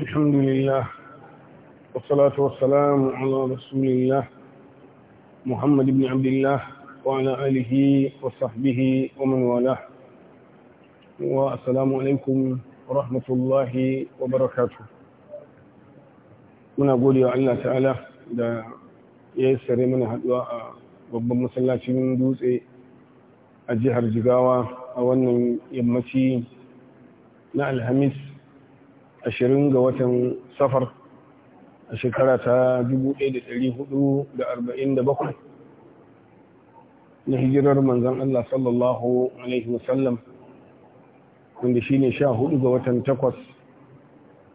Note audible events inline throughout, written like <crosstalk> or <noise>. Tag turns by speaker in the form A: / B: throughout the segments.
A: الحمد لله والصلاة والسلام على رسول الله محمد بن عبد الله وعلى آله وصحبه ومن والاه والسلام عليكم ورحمة الله وبركاته من أقول يا الله تعالى da ya yi sare mana haduwa a babban masallacin dutse a jihar jigawa a wannan yammaci na alhamis 20 ga watan safar a shekara ta 1447 na hijirar manzan Allah sallallahu Alaihi wasallam wanda shi ne sha hudu ga watan takwas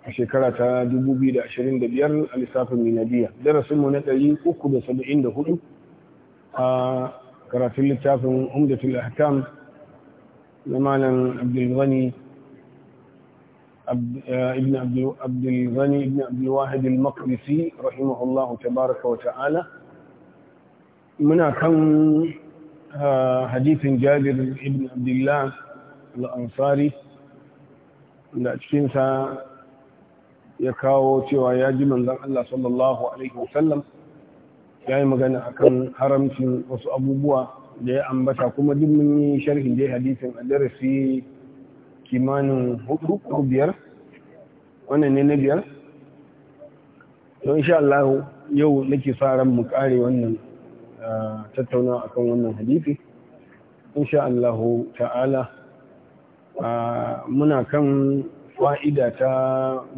A: a shekara ta 2025 a lissafin minadiya darasinmu na 374 a karatun littafin umdatul ahkam na malam abdulghani ابن عبد الغني ابن عبد الواحد المقدسي رحمه الله تبارك وتعالى منا كان حديث جابر ابن عبد الله الأنصاري da cikinsa ya kawo cewa ya ji manzan Allah sallallahu ya yi magana akan haramcin wasu abubuwa da ya ambata kuma duk mun yi sharhin dai hadisin a darasi kimanin hudu ko biyar wannan ne na biyar to insha Allah yau nake sa ran mu kare wannan ah, tattauna akan wannan hadisi insha Allah ta'ala ah, muna kan fa'ida ta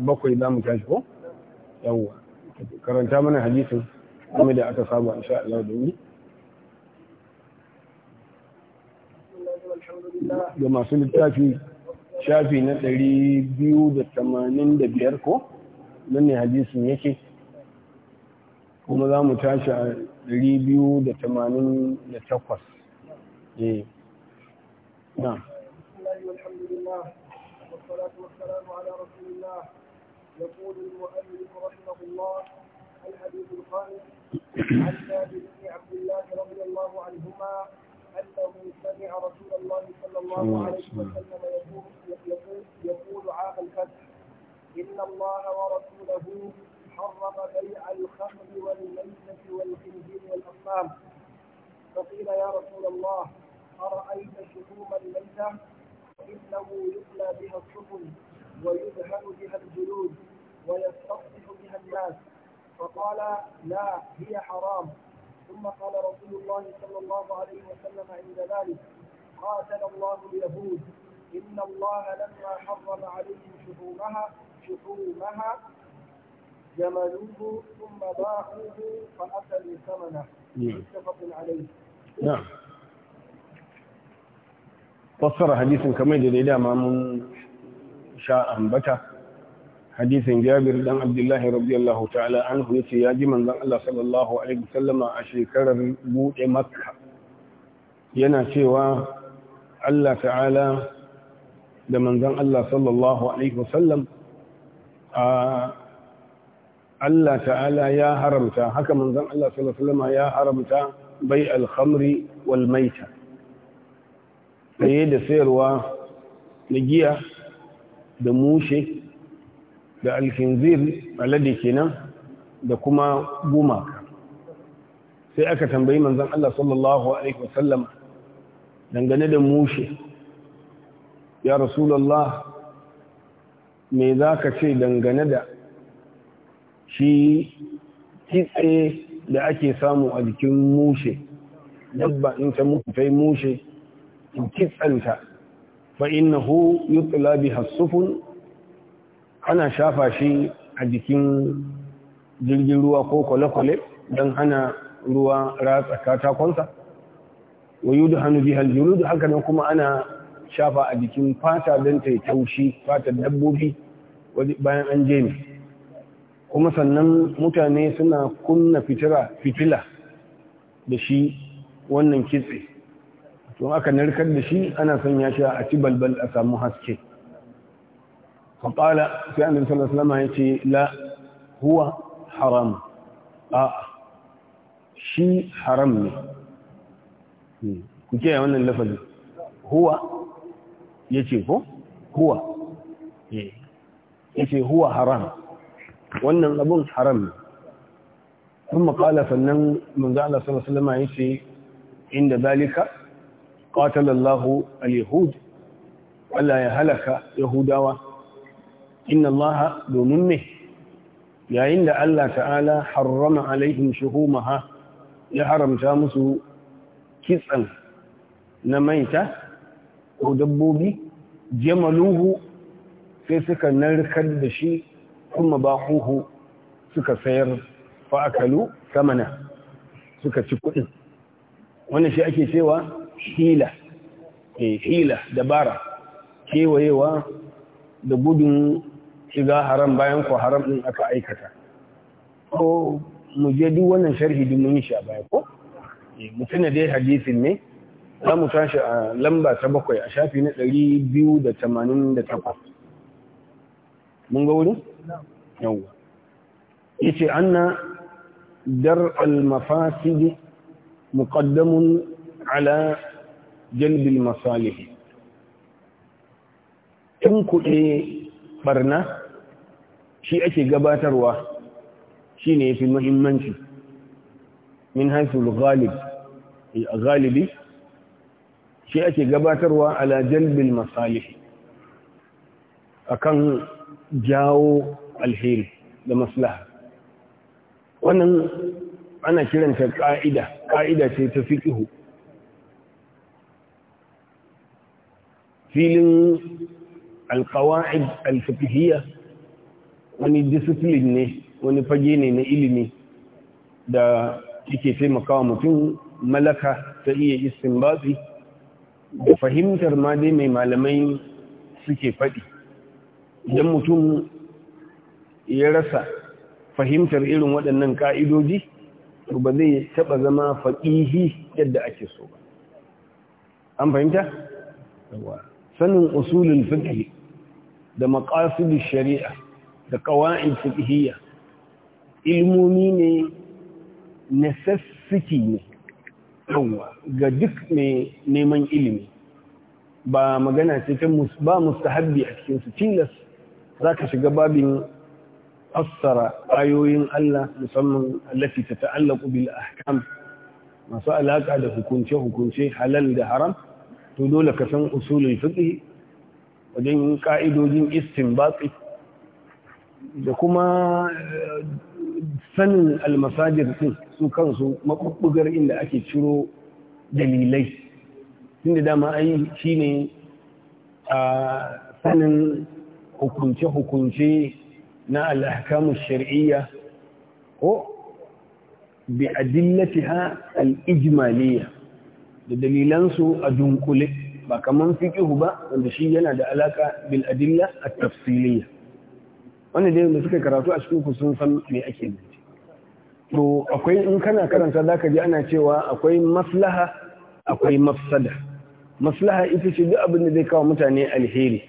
A: bakwai za mu tashi ko yawwa karanta mana hadisin kuma da aka saba insha Allah da ni ga masu littafi shafi na ɗari biyu da tamanin da biyar ko nan ne hadisin yake kuma za mu tashi a ɗari biyu da tamanin da takwas na
B: الله الحديث الخامس عن جابر بن عبد الله رضي الله عنهما أنه سمع رسول الله صلى الله عليه وسلم يقول يقول يقول عام الفتح إن الله ورسوله حرم بيع الخمر والميتة والخنزير والأصنام فقيل يا رسول الله أرأيت شحوم الميتة فإنه يبلى بها السفن ويدهن بها الجلود ويستصلح بها الناس فقال لا هي حرام ثم قال رسول الله صلى الله عليه وسلم عند ذلك قاتل الله اليهود إن الله لما حرم عليهم شحومها شحومها جملوه ثم باعوه فأكلوا ثمنه
A: نعم. متفق عليه نعم fassara حديث kamar da ما من شاء sha بكى hadisin jabir dan abdullahi radiyallahu ta'ala anhu yace ya ji manzon Allah sallallahu alaihi wasallama a shekarar bude makka yana cewa Allah ta'ala da manzon Allah sallallahu alaihi wasallam a Allah ta'ala ya haramta haka manzon Allah sallallahu alaihi wasallama ya haramta bai al-khamri wal maita saye da sayarwa na giya da mushe da alkinzir alade kenan da kuma gumaka sai aka tambayi manzon Allah sallallahu alaihi wasallam dangane da mushe ya Rasulallah, me za ka ce dangane da shi kitse da ake samu a jikin mushe dabba in ta mutu mushe mushe kitsanta fa innahu yutla biha sufun ana shafa shi a jikin jirgin ruwa ko kwale-kwale don hana ruwa ratsa katakonsa wa yi hannu jiru da haka nan kuma ana shafa a jikin fata don ta yi taushi fatar dabbobi bayan an jemi kuma sannan mutane suna kunna fitila da shi wannan kitse tun aka narkar da shi ana son ya sha a ci balbal a samu haske فقال في أن صلى الله عليه وسلم يتي لا هو حرام آه شي حرام كجي وانا اللفظ هو يتي هو هو يتي هو حرام وانا أبون حرام ثم قال فنن من قال صلى الله عليه وسلم يتي عند ذلك قاتل الله اليهود ولا يهلك يهوداوه inna allaha domin me yayin da Allah ta'ala harrama alaihim shuhumaha ya haramta musu kitsan na maita ko dabbobi jamaluhu sai suka narkar da shi kuma bahuhu suka sayar fa'akalu samana suka ci kuɗin wannan shi ake cewa hila hila dabara kewayewa da gudun shiga haram bayan ko haram ɗin aka aikata ko mu je duk wannan sharhi duk mun yi shi a baya ko eh, mutum dai hadisin ne za mu tashi a lamba ta bakwai a shafi na ɗari biyu da tamanin da takwas mun ga wurin? yawwa ya an na dar mu muƙaddamun ala jalbil masalihi In kuɗe ɓarna. shi ake gabatarwa shi ne fi muhimmanci min haisul ghalib eh, galibi shi ake gabatarwa ala jalbil a kan jawo alheri da maslaha wannan ana kiranta ka'ida ka'ida ce ta fiqhu filin alqawaid alfiqhiyya wani discipline ne wani fage ne na ilimi da yake taimakawa mutum malaka ta iya istinbati da fahimtar ma dai mai malamai suke faɗi idan mutum ya rasa fahimtar irin waɗannan ƙa'idoji to ba zai taɓa zama faƙihi yadda ake so ba an fahimta? sanin usulin fiƙi da maƙasudin shari'a da ƙawa'in fiƙihiyya ilmomi ne necessity ne yawwa ga duk mai neman ilimi ba magana ce ta ba mustahabbi a cikin su tilas za ka shiga babin fassara ayoyin Allah musamman allafi ta ta'allaku bil ahkam masu alaƙa da hukunce-hukunce halal da haram to dole ka san usulul fiqh wajen ka'idojin istinbati da kuma eh, sanin almasajir sun su kansu maɓuɓɓugar inda ake ciro dalilai da dama ai shi ne a sanin hukunce-hukunce na al'akamun shari'iyya ko bi ha al'ijimaliya da dalilansu a dunkule ba kamar fiƙihu ba wanda shi yana da alaka bil adilla a tafsiliya wanda dai da suka karatu a cikin ku sun san me ake nufi to akwai in kana karanta zaka ji ana cewa akwai maslaha akwai mafsada maslaha ita ce duk abin da zai kawo mutane alheri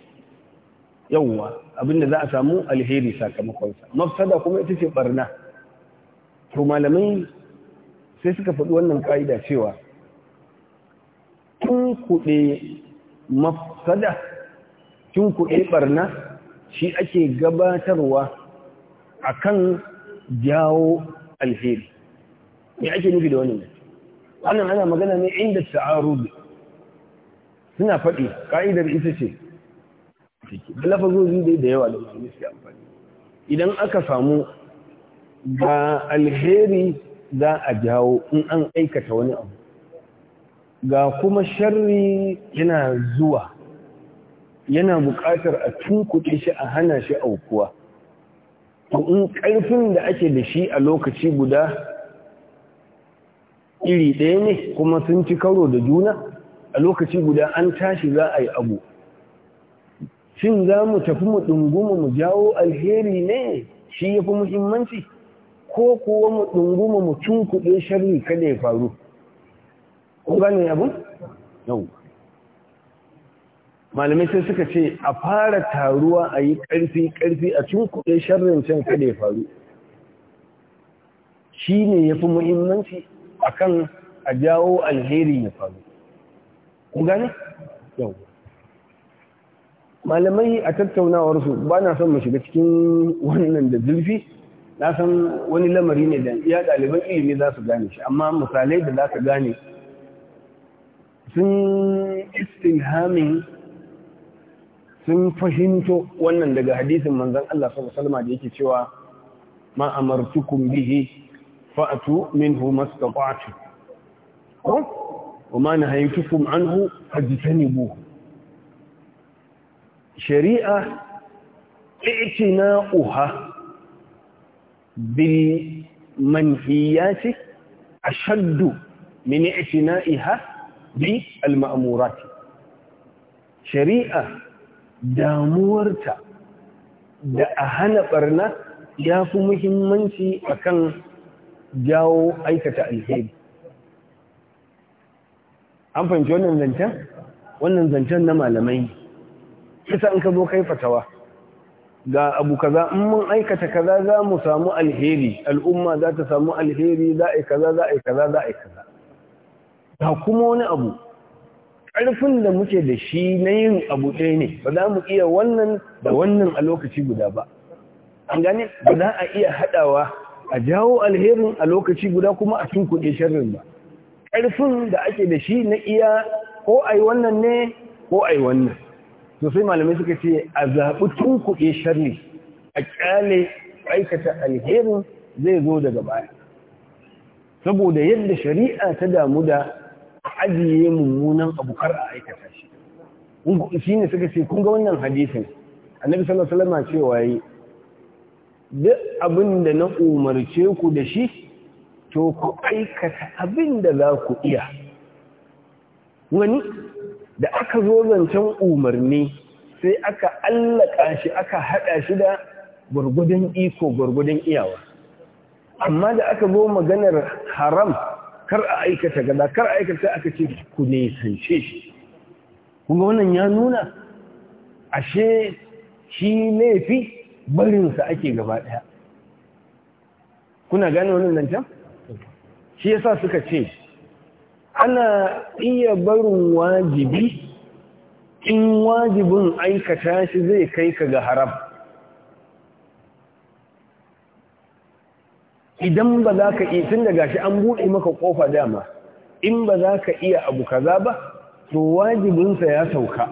A: yawwa abin da za a samu alheri sakamakonsa mafsada kuma ita ce barna to malamai sai suka faɗi wannan ƙa'ida cewa kun kuɗe mafsada tun kuɗe barna shi ake gabatarwa a kan jawo alheri me ake nufi da ne wannan ana magana ne inda ta'arud suna faɗi ƙa'idar ita ce da lafazozi dai da yawa da wani suke amfani idan aka samu ga alheri za a jawo in an aikata wani abu ga kuma sharri yana zuwa yana buƙatar a tunkuɗe shi a hana shi aukuwa in ƙarfin da ake da shi a lokaci guda iri ɗaya ne kuma sun ci karo da juna a lokaci guda an tashi za a yi abu shin za mu tafi mu ɗunguma mu jawo alheri ne shi ya fi muhimmanci ko kuwa mu ɗunguma mu tunkuɗe sharri kada ya faru ko gane abin? yau malamai sai suka ce a fara taruwa a yi ƙarfi-ƙarfi a cunkuɗe sharrin can kada ya faru shi ne ya fi muhimmanci a kan a jawo alheri ya faru ku gane? yau malamai a tattaunawarsu ba na son mu shiga cikin wannan da zurfi na san wani lamari ne da 'Ya ɗaliban ilimi za su gane shi amma misalai da za ka gane sun hamin. sun fahimto wannan daga hadisin manzon Allah sallallahu alaihi da yake cewa ma amartukum bihi fa'tu minhu mastata'tu wa ma nahaytukum anhu fajtanibuhu shari'a i'tina'uha bil manhiyati ashaddu min bi bil ma'murati shari'a damuwarta da a hana barna ya fi muhimmanci akan jawo aikata alheri an fahimci wannan zancen wannan zancen na malamai kisa in ka zo kai fatawa ga abu kaza in mun aikata kaza za mu samu alheri al'umma za ta samu alheri za a yi kaza za a yi kaza za a yi kaza ga kuma wani abu ƙarfin da muke da shi na yin abu ɗaya ne ba za mu iya wannan da wannan a lokaci guda ba an gane ba za a iya haɗawa a jawo alherin a lokaci guda kuma a cin kuɗe sharrin ba ƙarfin da ake da shi na iya ko a yi wannan ne ko a yi wannan to malamai suka ce a zaɓi tun kuɗe sharri a ƙyale aikata alherin zai zo daga baya saboda yadda shari'a ta damu da ajiye mummunan abu a aikata shi shi ne suka ce kun ga wannan hadisin annabi sallallahu alaihi wasallam cewa yi duk abin da na umarce ku da shi to ku aikata abin da za ku iya wani da aka zo zancen umarni sai aka allaka shi aka hada shi da gwargwadon iko gwargwadon iyawa amma da aka zo maganar haram kar a aikata gaza kar a aikata aka ce ku sance shi kuma wannan ya nuna ashe shi laifi barinsa ake gaba daya kuna gane wannan nan can shi yasa suka ce ana iya barin wajibi in wajibin aikata shi zai kai ka ga haram idan ba za ka iya tun da gashi an buɗe maka ƙofa dama in ba za ka iya abu kaza ba to wajibinsa ya sauka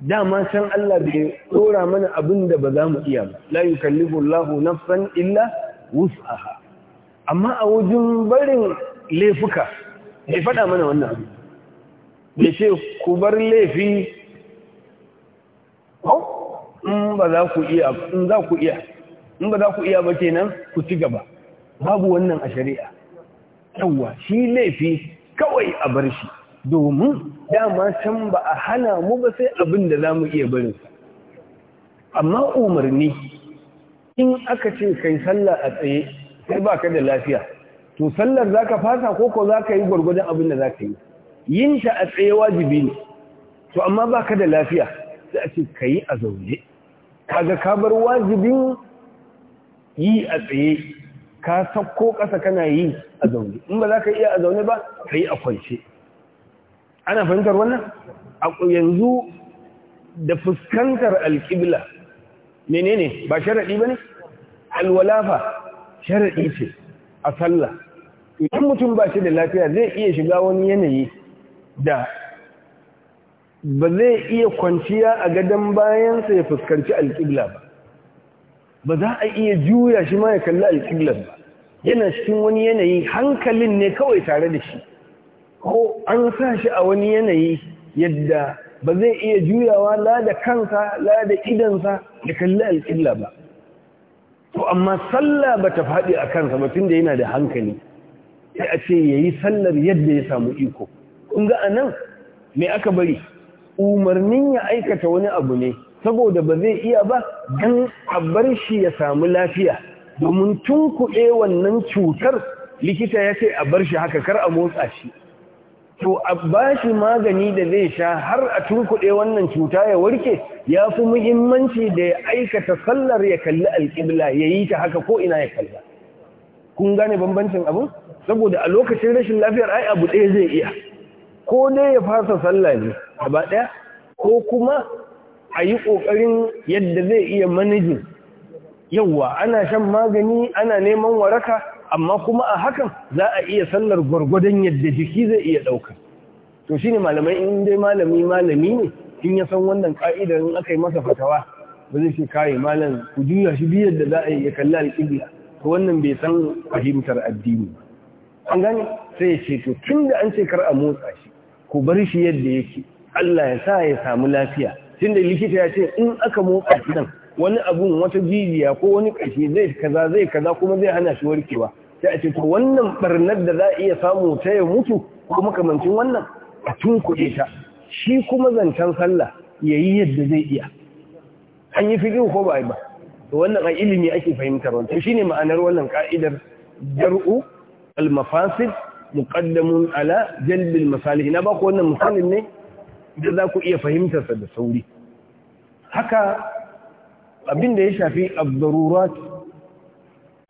A: dama san Allah bai ɗora mana abin da ba za mu iya ba la yukallifu Allahu nafsan illa wus'aha amma a wajen barin laifuka bai faɗa mana wannan abu bai ce ku bar laifi oh, in ba za ku iya in za ku iya in ba za ku iya ba kenan ku ci gaba babu wannan a shari'a yawa shi laifi kawai a bar shi domin dama can ba a hana mu ba sai abin da za mu iya barin amma umarni in aka ce kai sallah a tsaye sai ba ka da lafiya to sallar za ka fasa ko ko za ka yi gwargwadon abin da za ka yi yin shi a tsaye wajibi ne to amma ba ka da lafiya sai a ce ka yi a zaune kaga ka bar wajibin yi a tsaye ka sauko ƙasa kana yi a zaune in ba za ka iya a zaune ba ka yi a kwanci. ana fahimtar wannan yanzu da fuskantar alƙibla menene ba sharaɗi ba ne alwalafa sharaɗi ce a sallah idan mutum ba shi da lafiya zai iya shiga wani yanayi da ba zai iya kwanciya a gadon bayansa ya fuskanci alƙibla ba ba za a iya juya shi ma ya kalli alƙiblar ba yana cikin wani yanayi hankalin ne kawai tare da shi ko an sa shi a wani yanayi yadda ba zai iya juyawa la da kansa la da idansa ya kalli alƙibla ba to amma sallah ba ta faɗi a kansa ba tunda yana da hankali sai a ce ya yi sallar yadda ya samu iko kun ga nan me aka bari umarnin ya aikata wani abu ne saboda ba zai iya ba don a bar shi ya samu lafiya domin tunkuɗe wannan cutar likita ya ce a bar shi haka kar a motsa shi to a ba shi magani da zai sha har a tunkuɗe wannan cuta ya warke ya fi muhimmanci da ya aikata sallar ya kalli alƙibla ya yi ta haka ko ina ya kalla kun gane bambancin abu saboda a lokacin rashin lafiyar ai abu ɗaya zai iya ko dai ya fasa sallah ne gaba ɗaya ko kuma a yi ƙoƙarin yadda zai iya manajin yauwa ana shan magani ana neman waraka amma kuma a hakan za a iya sallar gwargwadon yadda jiki zai iya ɗauka to shi ne malamai in dai malami malami ne in ya san wannan ka'idar in aka yi masa fatawa ba zai shi kai malam ku juya shi biyar da za a yi ya kalli alƙibiya. to wannan bai san fahimtar addini ba an gane sai ya ce to tun da an ce kar a motsa shi ku bar shi yadda yake Allah ya sa ya samu lafiya da likita ya ce in aka motsa nan wani abun wata jijiya ko wani ƙashi zai kaza zai kaza kuma zai hana shi warkewa sai a ce to wannan barnar da za a iya samu ta ya mutu ko makamancin wannan a tun kuɗe ta shi kuma zancen sallah ya yi yadda zai iya an yi fiƙi ko ba a yi ba to wannan a ilimi ake fahimtar wannan ne ma'anar wannan ƙa'idar, jar'u al-mafasid ala jalbil masalih na ba ku wannan misalin ne da za ku iya fahimtarsa da sauri haka abin da ya shafi a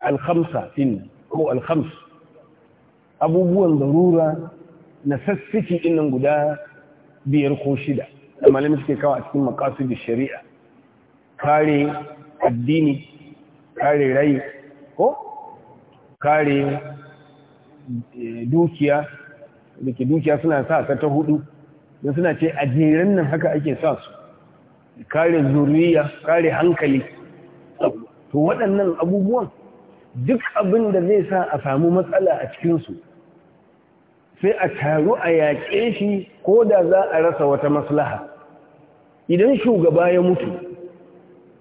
A: alhamsa din ko alhams abubuwan zarura na sassiki innan guda biyar ko shida da malamin suke kawo a cikin makasudin shari'a kare addini kare rai ko kare eh, dukiya da dukiya suna sa ta hudu don suna ce a jeren nan haka ake sa su kare zuriya kare hankali to waɗannan abubuwan duk abin da zai sa a samu matsala a cikinsu sai a taru a yaƙe shi ko da za a rasa wata maslaha idan shugaba ya mutu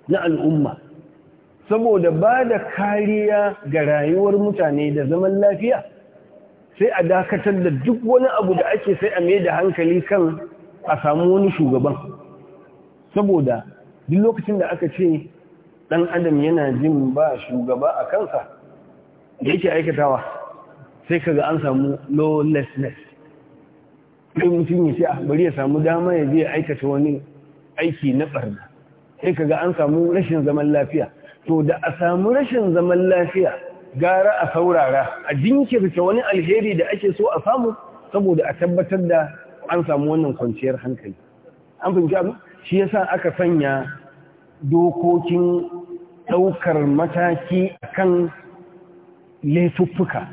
A: na al'umma saboda ba da kariya ga rayuwar mutane da zaman lafiya sai a dakatar da duk wani abu da ake sai a mai da hankali kan a samu wani shugaban saboda duk lokacin da aka ce ɗan adam yana jin ba shugaba a kansa da yake aikatawa sai kaga an samu lawlessness sai mutum ya ce a ah, bari ya samu dama ya je aikata wani aiki na ɓarna sai kaga an samu rashin zaman lafiya to da a samu rashin zaman lafiya gara a saurara a jinkirta wani alheri da ake so a samu saboda a tabbatar da an samu wannan kwanciyar hankali an fahimci abu? shi yasa aka sanya dokokin ɗaukar mataki kan laifuffuka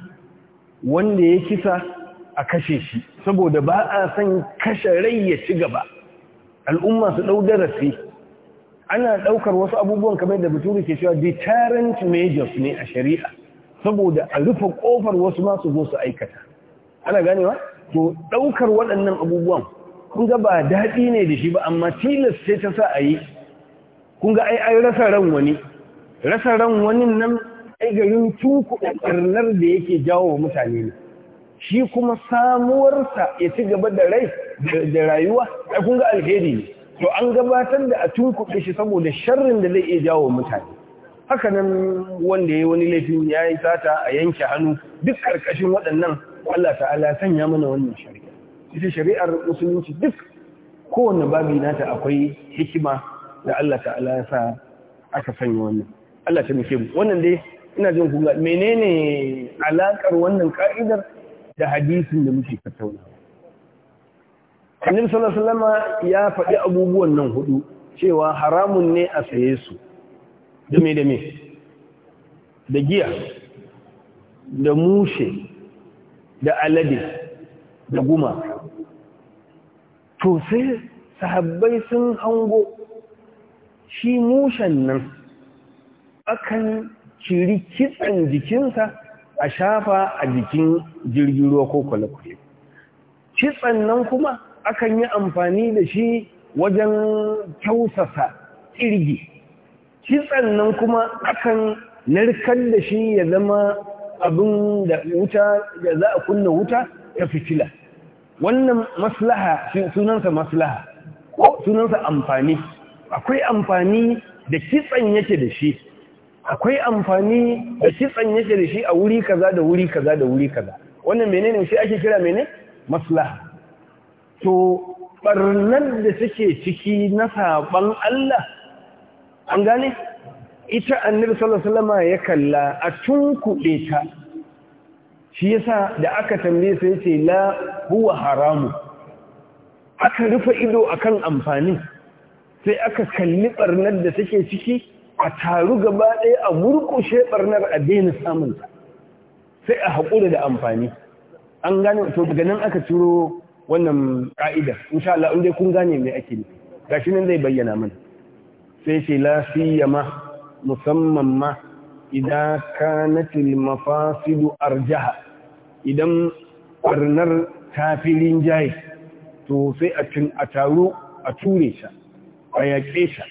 A: wanda ya kisa a kashe shi saboda ba a san kashe rai ya ci gaba al'umma su ɗau darasi ana ɗaukar wasu abubuwan kamar da buturu ke cewa deterrent measures ne a shari'a saboda a rufe ƙofar wasu masu zo su aikata ana ganewa to ɗaukar waɗannan abubuwan kun ga ba daɗi ne da shi ba amma tilas sai ta sa a yi kun ga ai ai rasa ran wani rasa ran wani nan ai garin da ƙarnar da yake jawo wa mutane ne shi kuma samuwarsa ya ci gaba da rai da rayuwa ai kun ga alheri ne to an gabatar da a da shi saboda sharrin da zai iya jawo mutane haka nan wanda ya wani laifin ya yi sata a yanke hannu duk ƙarƙashin waɗannan Allah ta'ala sanya mana wannan shari'a ita shari'ar musulunci duk kowane babi nata akwai hikima da Allah ta'ala ya sa aka sanya wannan Allah ta muke wannan dai ina jin ku menene alaƙar wannan ƙa'idar da hadisin da muke tattaunawa? Annabi sallallahu ya faɗi abubuwan nan hudu cewa haramun ne a saye su da me da me da giya da mushe da alade da guma to sai sahabbai sun hango shi mushen nan akan ciri kitsan jikinsa a shafa a jikin jirgin ruwa ko kwale-kwale kitsan nan kuma akan yi amfani da shi wajen kyausasa ƙirgi kitsan nan kuma akan narkar da shi ya zama abin da wuta da za a kunna wuta ta fitila wannan maslaha sunansa maslaha ko sunansa amfani akwai amfani da kitsan yake da shi akwai amfani da kitsan yake da shi a wuri kaza da wuri kaza da wuri kaza wannan menene shi ake kira mene maslaha to barnan da suke ciki na saban Allah an gane ita annabi sallallahu alaihi wasallam ya kalla a tunkuɗe ta shi yasa da aka tambaye sai ce la huwa haramu aka rufe ido akan amfani sai aka kalli barnar da take ciki a taru gaba ɗaya a murkushe barnar a daina samunta sai a haƙura da amfani an gane to daga nan aka ciro wannan ƙa'ida. insha Allah inda kun gane mai ake ne gashi nan zai bayyana mana sai ce la siyama musamman ma idan kanatil mafasidu arjaha idan barnar tafilin jaye to sai a taro a ture ta a yaƙe ta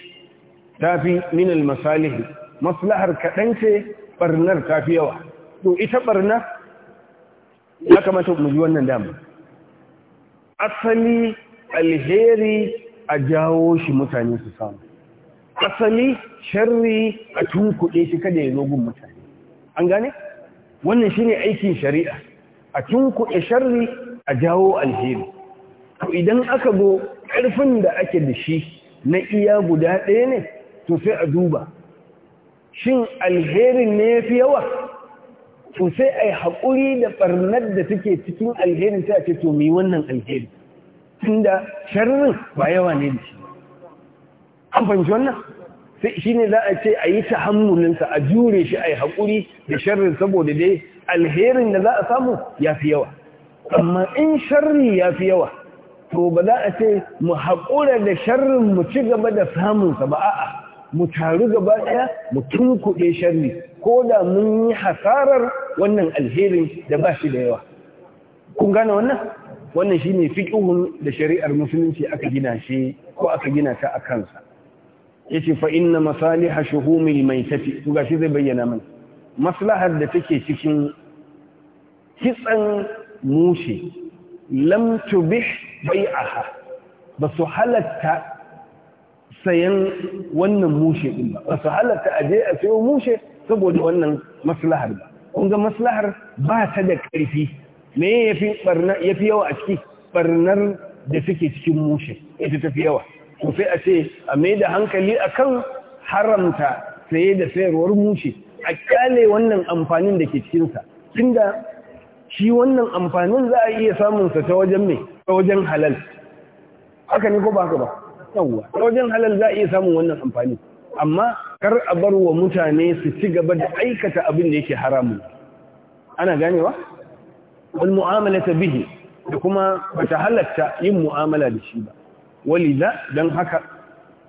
A: tafi minal masalihi maslahar kaɗan ce barnar fi yawa to ita ɓarna, ya kamata mu ji wannan damar asali alheri a jawo shi mutane su samu asali sharri a tunkuɗe shi kada ya zo gun mutane an gane wannan shine aikin shari'a a tunkuɗe sharri a jawo alheri to idan aka zo ƙarfin da ake da shi na iya guda ɗaya ne to sai a duba shin alherin ne ya fi yawa to sai a yi haƙuri da ɓarnar da take cikin alherin sai a ce to mai wannan alheri inda sharrin ba yawa ne da shi an fahimci wannan sai shi ne za a ce a yi tahammulinsa a jure shi a yi haƙuri da sharrin saboda dai alherin da za a samu ya fi yawa amma in sharri ya fi yawa to ba za a ce mu haƙura da sharrin mu ci gaba da samunsa ba a'a mu taru gaba ɗaya mu tunkuɗe sharri ko da mun yi hasarar wannan alherin da ba shi da yawa kun gane wannan wannan shi shine fiƙihun da shari'ar musulunci aka gina shi ko aka gina ta a kansa yace fa inna masaliha mai tafi. to shi zai bayyana mana maslahar da take cikin kitsan mushe lam bai aha ba su halatta sayan wannan mushe din ba ba su halatta aje a sayo mushe saboda wannan maslahar ba kun ga maslahar ba ta da ƙarfi me yafi fi yawa a ciki ɓarnar da take cikin mushe ita tafi yawa Ku sai a ce a mai da hankali akan haramta saye da sayarwar mushe a kyale wannan amfanin da ke cikinsa da shi wannan amfanin za a iya samunsa ta wajen mai ta wajen halal haka ne ko ba ka ba yawwa ta wajen halal za a iya samun wannan amfani amma kar a bar wa mutane su ci gaba da aikata abin da yake haramun ana ganewa wal ta bihi da kuma bata halatta yin mu'amala da shi ba walida don haka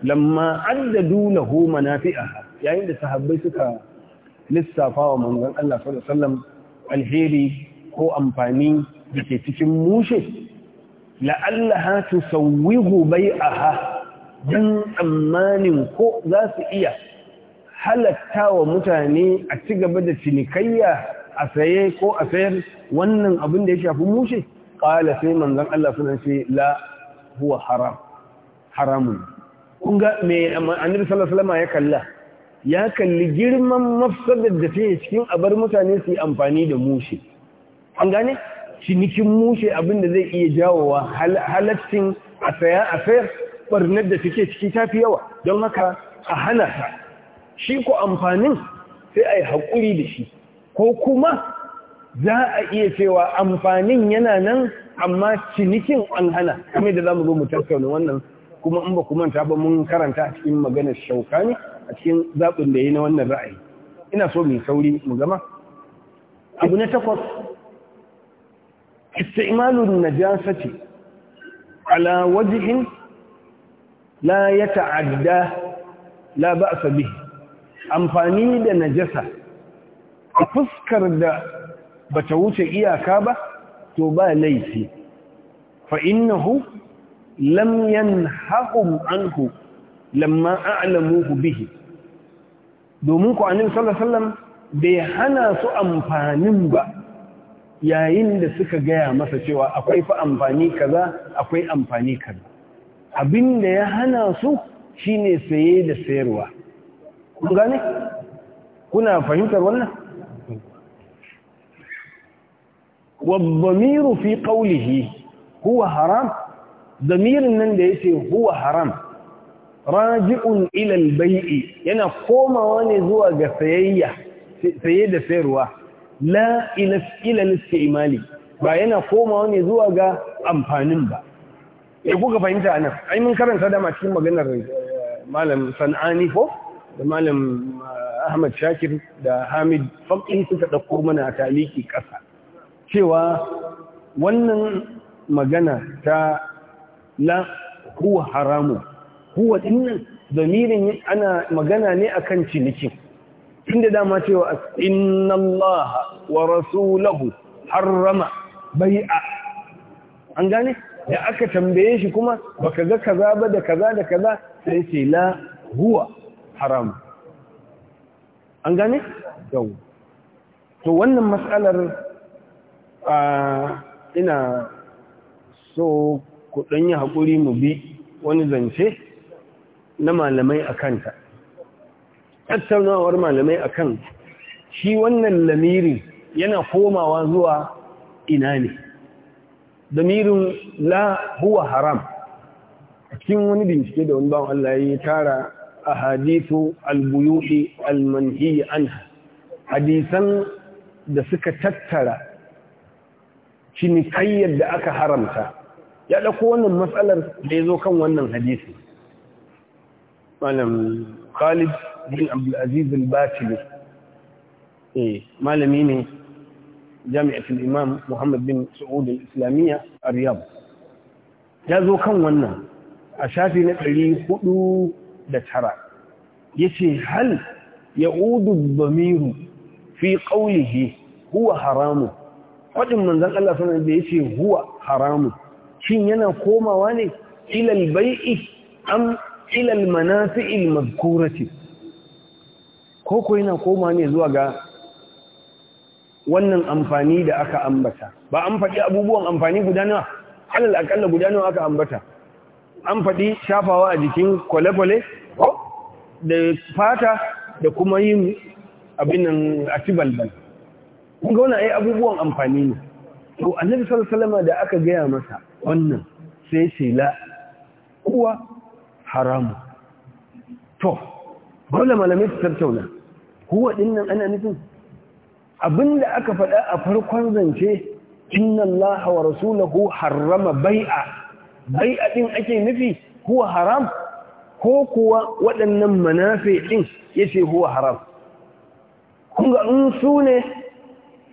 A: lamma addadu lahu manafi'aha yayin da sahabbai suka lissafa wa manzon Allah sallallahu alaihi wasallam alheri ko amfani da ke cikin mushe la'allaha tusawwihu bai'aha dan tsammanin ko za su iya halatta wa mutane a ci gaba da cinikayya a saye ko a sayar wannan abin da ya shafi mushe ƙala sai manzon Allah suna ce la huwa haram haramun kun ga me annabi sallallahu ya kalla ya kalli girman mafsadar da take cikin abar mutane su yi amfani da mushe an gane cinikin mushe abin da zai iya jawowa halaccin asaya afair barnar da take ciki ta fi yawa don haka a hana ta shi ko amfanin sai a yi haƙuri da shi ko kuma za a iya cewa amfanin yana nan amma cinikin an hana kuma da za mu zo mu tattauna wannan kuma in ba ku manta ba mun karanta a cikin maganar shauka ne a cikin zaɓin da ya yi na wannan ra'ayi ina so mai sauri mu gama abu na takwas isti'malun najasati ala wajhin la yata'adda la ba'sa bihi amfani da najasa a fuskar da bata wuce iyaka ba to ba laifi fa innahu lam yanhaqum anhu lamma a'lamuhu bihi domin ku annabi sallallahu alaihi wasallam bai hana su amfanin ba yayin da suka gaya masa cewa akwai fa amfani kaza akwai amfani kaza abin da ya hana su shine saye da sayarwa kun gane kuna fahimtar wannan والضمير في قوله هو حرام ضمير nan da yace huwa haram raji'un ila baii yana komawa ne zuwa ga saye da sayarwa la ila ila ba yana komawa ne zuwa ga amfanin ba eh kuka fahimta anan ai mun karanta da ma cikin maganar malam sanani ko da malam Ahmad Shakir da Hamid Faqih suka dauko mana taliki ƙasa. cewa wannan magana ta la huwa haramu huwa dinnan zamirin ana magana ne akan ciniki inda dama cewa inna Allah wa rasulahu harrama bai'a an gane da aka tambaye shi kuma baka ga kaza ba da kaza da kaza sai ce la huwa haram an gane yau to wannan mas'alar A ina so ku yi haƙuri mu bi wani zance na malamai a kanta tattaunawar malamai a kan shi wannan lamirin yana komawa zuwa ina ne Lamirin la huwa haram A cikin wani bincike da wani bawan Allah ya tara a hadithu al almanhi al anha hadisan da suka tattara cinikayyar da aka haramta ya ɗauko wannan matsalar da ya zo kan wannan hadisi malam khalid bin abdulaziz al-batili eh malami ne jami'atul imam muhammad bin su'ud al-islamiyya a riyadh ya zo kan wannan a shafi na 409 yace hal ya'udu ad-damiru fi qawlihi huwa haramun faɗin manzan Allah sanar da ya ce huwa haramun shin yana komawa ne ilal bai'i am ilal manafi'il mazkurati ko ko yana koma ne zuwa ga wannan amfani da aka ambata ba an faɗi abubuwan amfani guda nawa alal aƙalla guda nawa aka ambata an faɗi shafawa a jikin kwale-kwale oh, da fata da kuma yin abin nan a cibalbal Kunga wana wannan abubuwan amfani ne to annabi sallallahu alaihi da aka gaya masa wannan sai ce la kuwa haramu to dole malamai su tattauna kuwa dinnan ana nufin abinda aka faɗa a farkon zance inna Allah wa rasulahu harama bai'a bai'a ɗin ake nufi kuwa haram ko kuwa waɗannan manafi ɗin yace huwa haram kunga in su ne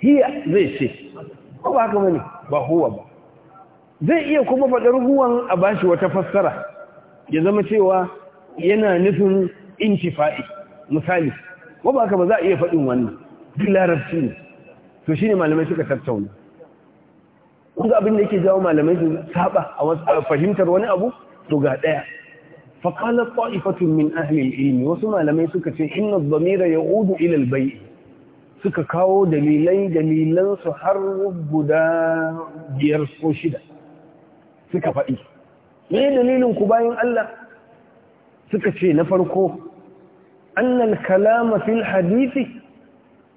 A: hiya zai ce ko ba haka bane ba huwa ba zai iya kuma faɗar huwan a bashi wata fassara ya zama cewa yana nufin inci intifa'i misali ko ba haka ba za a iya faɗin wannan duk larabci ne to shi ne malamai suka tattauna kun abin da yake jawo malamai su saba a fahimtar wani abu to ga ɗaya فقال طائفة من wasu malamai suka ce Inna zamira ya udu ilal البيع suka kawo dalilai dalilansu har guda biyar ko shida suka faɗi me dalilin ku bayan Allah suka ce na farko annal kalama fil hadisi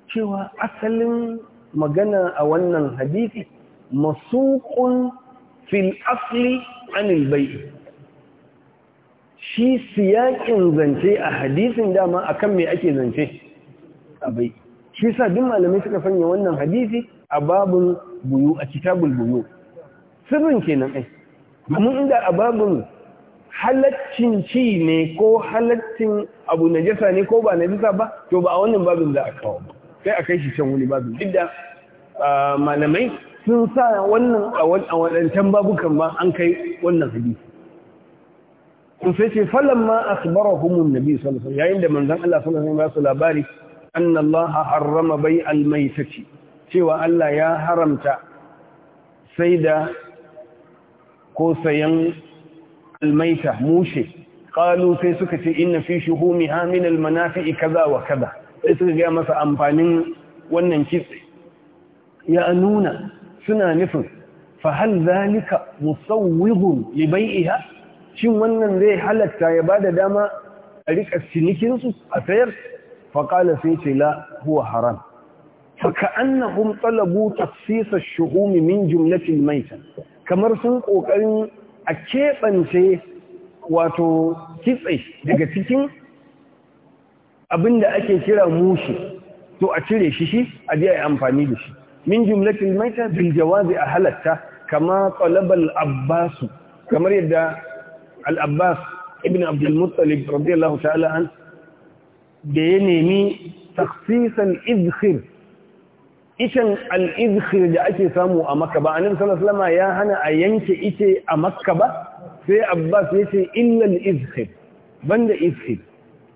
A: cewa asalin magana a wannan hadisi masuqun fil asli anil bai shi siyakin zance a hadisin dama akan me ake zance a shi sa duk malamai suka sanya wannan hadisi a babun buyu a kitabul buyu sirrin kenan ai domin inda a babun halaccin ci ne ko halaccin abu najasa ne ko ba najasa ba to ba a wannan babin za a kawo ba sai a kai shi can wani babin duk da malamai sun sa wannan a waɗancan babukan ma an kai wannan hadisi to sai ce falamma akhbarahum an-nabi sallallahu alaihi wasallam yayin da manzon Allah sallallahu alaihi wasallam ya su labari أن الله bai بيع الميتة cewa Allah ya haramta sai da ko sayan almaita mushe Ƙalu sai suka ce inna fi shuhumiha min almanafi'i kaza wa kaza sai suka ga masa amfanin wannan kitse ya nuna suna nufin fa hal zalika musawwihun li bai'iha shin wannan zai halatta ya bada dama a rika cinikin su a sayar faƙala sai ce la huwa haram faka'annahum talabu tafsisa shuhumi min jumlatil maita kamar sun kokarin a keɓance wato kitse daga cikin abinda ake kira mushi to a cire shi shi a je a amfani da shi min jumlatil maita bil jawazi a halatta kama talaba al-abbas kamar yadda al-abbas ibn abdul muttalib radiyallahu ta'ala an da ya nemi taksisan izhir ishen al'izhir da ake samu a makka ba anil salasalama ya hana a yanke ice a makka ba sai abbas ya ce illal izhir banda izhir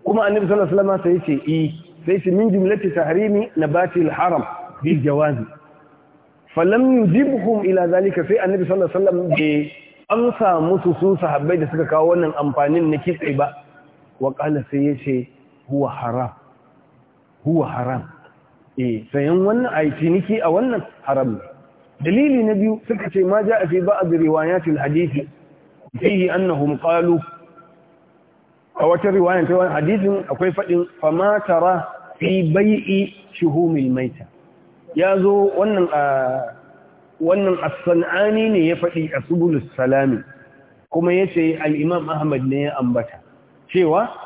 A: kuma anil salasalama sai ce i sai ce min jimlati tahrimi na batil haram bil jawazi falam yujibhum ila zalika sai annabi sallallahu alaihi wasallam bai amsa musu su sahabbai da suka kawo wannan amfanin na kitse ba wa qala sai yace huwa haram huwa haram eh sayan wannan ai a wannan haram ne dalili na biyu suka ce ma ja a fi ba'd riwayat al fihi annahum qalu a wata riwaya ta wani akwai fadin fama tara fi bai'i shuhumil maita yazo wannan wannan as-sanani ne ya fadi asbulus salami kuma yace al-imam ahmad ne ya ambata cewa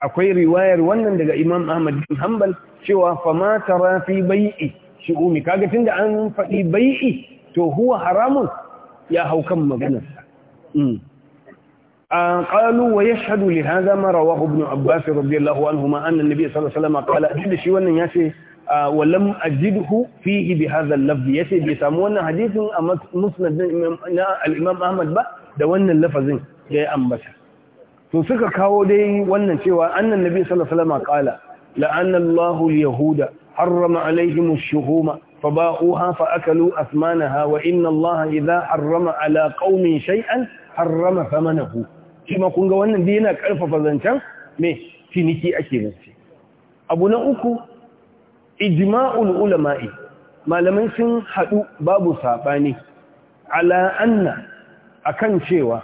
A: akwai riwayar wannan daga imam ahmad bin hanbal cewa fama tara fi bai'i umi, kaga tunda an faɗi bai'i to huwa haramun ya haukan maganar sa mm. qalu wa yashhadu li hadha ma rawahu ibn abbas radiyallahu anhu ma anna an-nabiy sallallahu alaihi wasallam qala hadith shi wannan ya ce wa lam ajidhu fihi bi hadha al-lafz ya ce bai samu wannan hadithin na al-imam ahmad ba da wannan lafazin ya yi ambata to suka kawo dai wannan cewa annan nabi sallallahu alaihi wasallam kala la'anna Allahu al-yahuda harrama alaihim ash-shuhuma akalu fa'akalu athmanaha wa inna Allaha idha harrama ala qaumin shay'an harrama thamanahu kuma kun ga wannan dai yana karfafa zancen? me finiki ake nufi abu na uku ijma'ul ulama'i malaman sun haɗu babu saɓani. ala anna akan cewa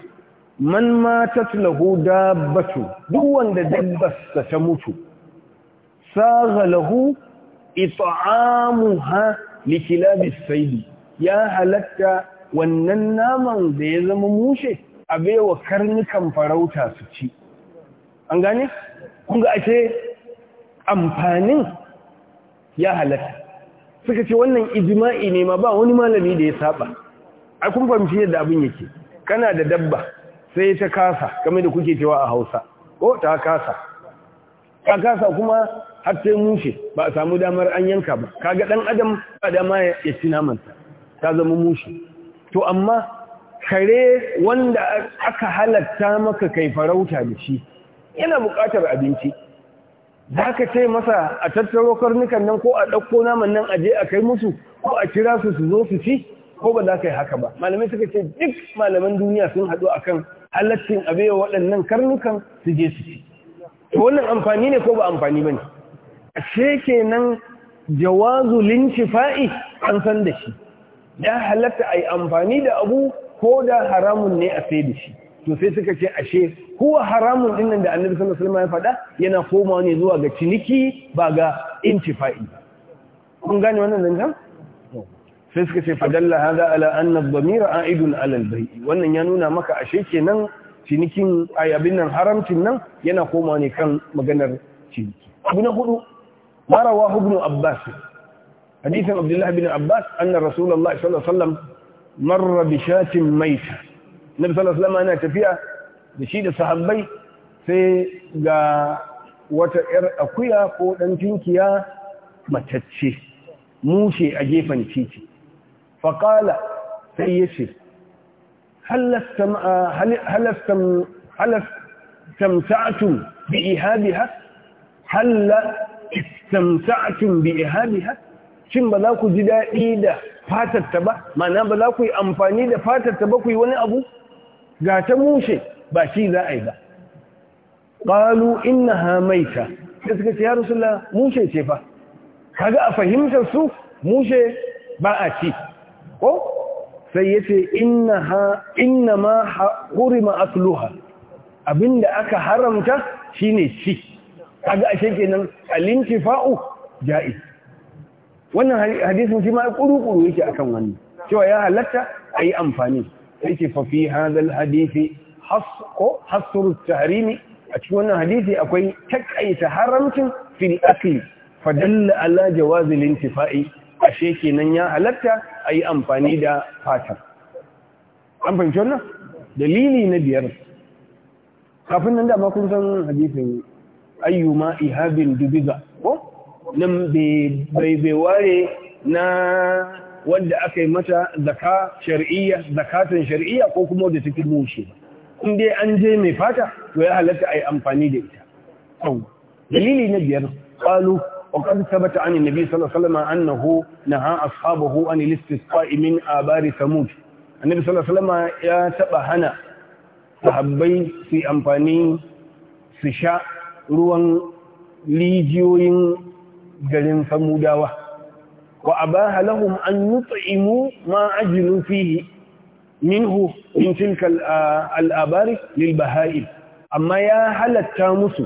A: man matat lahu dabbatu duk wanda dabbas ta mutu saga lahu it'amuha likilabis saidi ya halatta wannan naman da ya zama mushe a baiwa karnukan farauta su ci an gane kun ga ake amfanin ya halatta suka ce wannan ijma'i ne ma ba wani malami da ya saba Ai kun fahimci yadda abin yake kana da dabba sai ta kasa game da kuke cewa a hausa ko ta kasa ta kasa kuma har sai mushe ba a samu damar an yanka ba kaga ɗan adam ba dama ya ci namanta ta zama mushe to amma kare wanda aka halatta maka kai farauta da shi yana buƙatar abinci za ka ce masa a tattaro karnukan nan ko a ɗauko naman nan aje a kai musu ko a kira su su zo su ci ko ba za ka yi haka ba malamai suka ce duk malaman duniya sun haɗu akan halaccin abe wa waɗannan karnukan su je su ci wannan amfani ne ko ba amfani ba ne a kenan jawazu fa'i an san da shi ya halatta a yi amfani da abu ko da haramun ne a sai da shi to sai suka ce ashe kuwa haramun dinnan da annabi sallallahu alaihi wasallam ya faɗa yana koma ne zuwa ga ciniki ba ga intifa'i kun gane wannan zancan sai suka ce fadalla haza ala anna dhamira aidun ala albay'i wannan ya nuna maka ashe kenan cinikin ayabin nan haramcin nan yana koma ne kan maganar ciniki abu na hudu Mara wa ibn abbas hadithan abdullah ibn abbas anna rasulullahi sallallahu alaihi wasallam marra bi shatin maita nabi sallallahu alaihi wasallam yana tafiya da shi da sahabbai sai ga wata yar akuya ko dan tinkiya matacce mushe a gefen titi faƙala sai ya ce halastamta'atun bi ihabiha halastamta'atun bi ihabiha shin ba za ku ji daɗi da fatarta ba mana ba za ku yi amfani da fatarta ba ku yi wani abu ga ta mushe ba shi za a yi ba ƙalu ina hamaita da suka ce ya rusula mushe ce fa kaga a fahimtar su mushe ba a ci ko sai yace ma inma hurima asluha abinda aka haramta shine shi kaga ashe kenan alintifa'u ja'iz wannan hadisin shi ma kuru-kuru yake akan wannan cewa ya halatta ayi amfani sai ce fa fi hadal hadisi hasqu hasru tahrimi a cikin wannan hadisi akwai takaita haramcin fil akli fadalla ala jawazi lintifa'i ashe kenan ya halatta a yi amfani da fatar an fahimci wannan dalili na biyar kafin nan dama kun san hadisin ayyuma ihabin dubiza ko nan bai ware na wanda aka yi mata zaka shar'iyya zakatan shar'iyya ko kuma da cikin mushe in dai an je mai fata to ya halatta a yi amfani da ita dalili na biyar kwalo. وقد ثبت عن النبي صلى الله عليه وسلم أنه نهى أصحابه عن الاستسقاء من آبار ثمود النبي صلى الله عليه وسلم يا تبهنا sahabbai su amfani su sha ruwan lijiyoyin garin samudawa wa abaha lahum an yut'imu ma ajlu fihi minhu min tilka al-abari lil baha'il amma ya halatta musu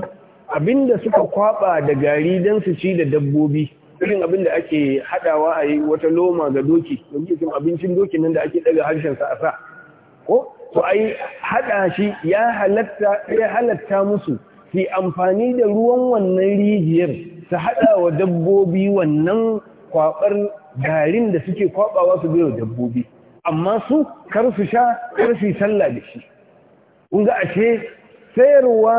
A: abinda suka kwaba da gari don su ci da dabbobi irin abin da ake hadawa a yi wata loma ga doki doki cin abincin doki nan da ake daga sa a sa ko to ai hada shi ya halatta ya musu su amfani da ruwan wannan rijiyar su hada wa dabbobi wannan kwabar garin da suke kwabawa su bai dabbobi amma su kar su sha kar su sallah da shi kun ga ashe sayarwa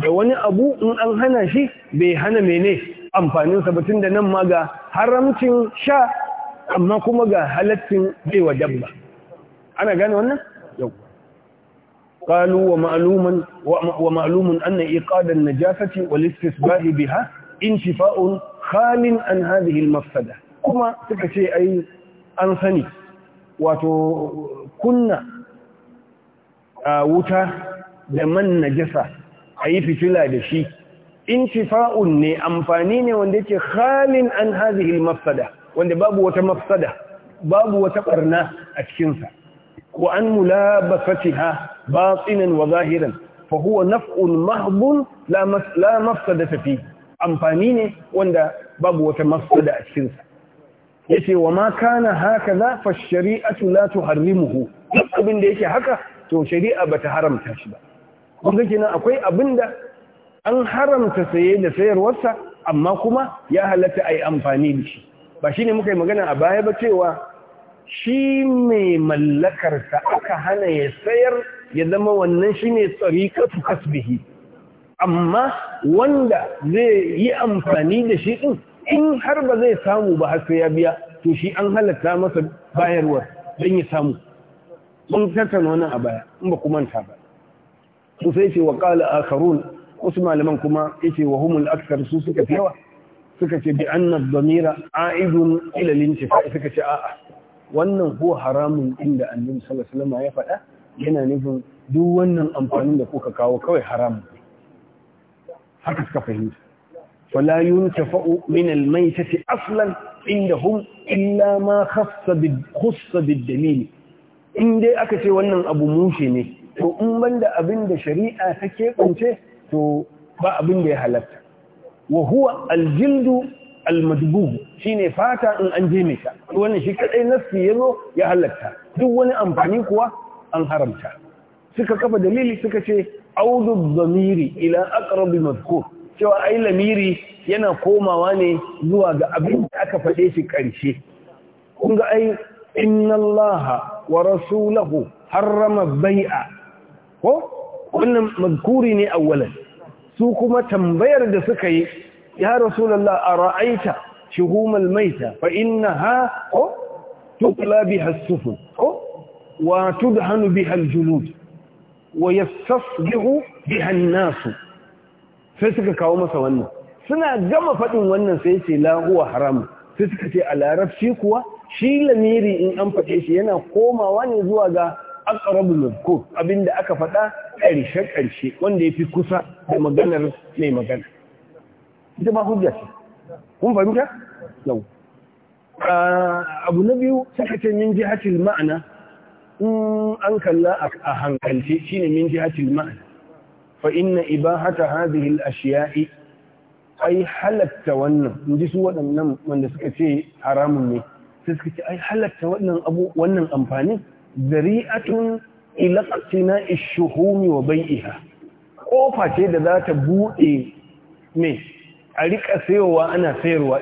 A: da wani abu in an hana shi bai hana mene amfanin ba da nan ma ga haramcin sha amma kuma ga halaccin baiwa dabba ana gane wannan yau قالوا ومعلوم ومعلوم أن إيقاد النجاسة والاستسباه بها انشفاء خال عن هذه ce كما an sani wato kunna a wuta. da man najasa a yi fitila da shi intifa'un ne amfani ne wanda yake halin an hazihi mafsada wanda babu wata mafsada babu wata ɓarna a cikinsa Ko an mulabasatiha batinan wa zahiran fa huwa naf'un mahdhun la mafsada mafsadata fi amfani ne wanda babu wata mafsada a cikinsa yace wa ma kana Za fa shari'atu la tuharrimuhu abin da yake haka to shari'a bata haramta shi ba kun ga kenan akwai abinda an haramta saye da sayarwarsa amma kuma ya halatta a yi amfani da shi ba shi ne muka yi magana a baya ba cewa shi mai mallakarsa aka hana ya sayar ya zama wannan shi ne su kasbihi amma wanda zai yi amfani da shi ɗin in har ba zai samu ba har sai ya biya to shi an halatta masa bayarwar don ya samu mun tattauna wannan a baya in ba kuma manta ba su sai ce wa qala akharun wasu malaman kuma yace wa humul akthar su suka fi yawa suka ce bi anna ad-damira a'idun ila al suka ce a'a wannan ko haramun inda annabi sallallahu ya faɗa yana nufin duk wannan amfanin da kuka kawo kawai haram haka suka fahimta fala yuntafa'u min al-maytati aslan indahum illa ma khassa bi khassa bid-dalil in dai aka ce wannan abu mushe ne to in banda abin da shari'a ta keɓance to ba abin da ya halatta wa huwa aljildu almadbu'u shine fata in an je ta wannan shi kadai nafsi yazo ya halatta duk wani amfani kuwa an haramta suka kafa dalili suka ce audu zamiri ila aqrabi madhkur cewa ai lamiri yana komawa ne zuwa ga abin da aka faɗe shi ƙarshe kun ga ai inna allaha wa rasulahu harrama bai'a ko wannan mazkuri ne awwalan su kuma tambayar da suka yi ya rasulullah ara'aita shuhumal maita fa innaha ko tuqla biha as-sufun ko wa tudhanu biha al-julud wa yastasbihu biha an-nas sai suka kawo masa wannan suna gama fadin wannan sai ce la huwa haram sai suka ce a larabci kuwa shi lamiri in an faɗe shi yana komawa ne zuwa ga aqrabul mazkur abinda aka faɗa ƙarshe ƙarshe wanda yafi kusa da maganar mai magana ita ba hujja ce kun fahimta yau abu na biyu suka ce min jihatil ma'ana in an kalla a hankalce shine min jihatil ma'ana fa inna ibahata hadhihi al-ashiya'i ai halatta wannan in ji su waɗannan wanda suka ce haramun ne sai suka ce ai halatta wannan abu wannan amfani zari'atun ila qatina ash-shuhumi wa bai'iha kofa ce da za ta buɗe me a rika sayowa ana sayarwa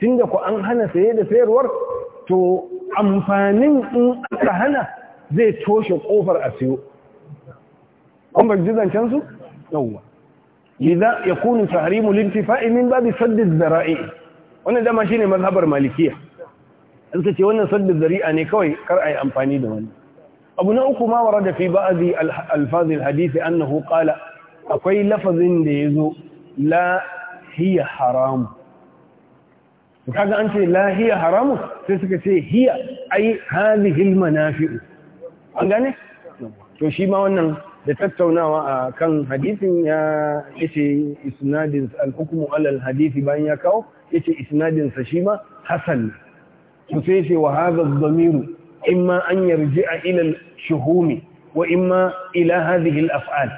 A: tun da ku an hana saye da sayarwar to amfanin in aka hana zai toshe ƙofar a sayo kun ba ji zancen su ya lidha yakunu tahrimu lintifa'i min babi sadd az-zara'i wannan dama shine mazhabar malikiya an ce wannan sadda zari'a ne kawai kar a yi amfani da wani abu na uku ma warada fi ba'dhi alfazil hadisi annahu qala akwai lafazin da yazo la hiya haram kaga an ce la hiya haram sai suka ce hiya ai hadhihi almanafi'u an gane to shi ma wannan da tattaunawa a kan hadisin ya yace isnadin al-hukmu ala al-hadisi bayan ya kawo yace isnadin sa shi ma hasan to sai ce wa hadha dhamiru imma an yarji'a a ilal shuhumi wa imma ila hadhihi al-af'al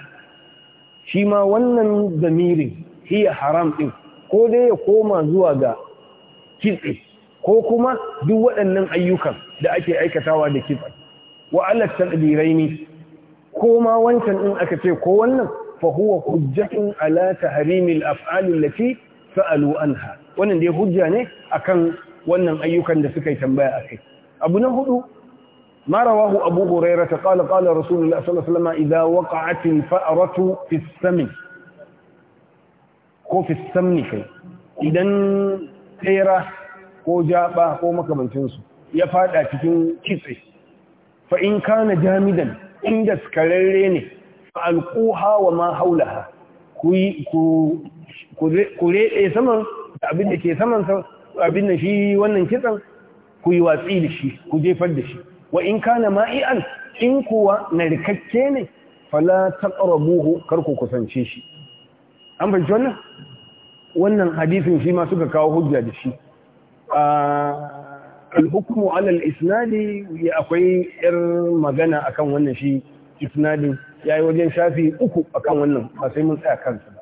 A: shi ma wannan dhamirin hiya haram ɗin, ko dai ya koma zuwa ga kitse ko kuma duk waɗannan ayyukan da ake aikatawa da kitse wa ala taqdiraini ko ma wancan din aka ce ko wannan fa huwa hujjatun ala tahrimil af'al allati sa'alu anha wannan dai hujja ne akan wannan ayyukan da suka yi tambaya a kai abu na hudu Marawahu رواه أبو هريرة قال قال رسول الله صلى الله عليه وسلم إذا وقعت ko fi samni kai idan tsera ko jaɓa ko makamancinsu ya faɗa cikin kitse fa in kana jamidan inda skararre ne fa wa ma haulaha ku ku ku saman da abin da ke saman sa abin da shi wannan kitsan ku yi watsi da shi ku jefar da shi wa in kana ma'i'an in kuwa na rikakke ne fala taqrabuhu kar ku kusance shi an fahimci wannan wannan hadisin shi ma suka kawo hujja da shi al-hukmu ala isnadi ya akwai yar magana akan wannan shi isnadin yayi wajen shafi uku akan wannan ba sai mun tsaya kansa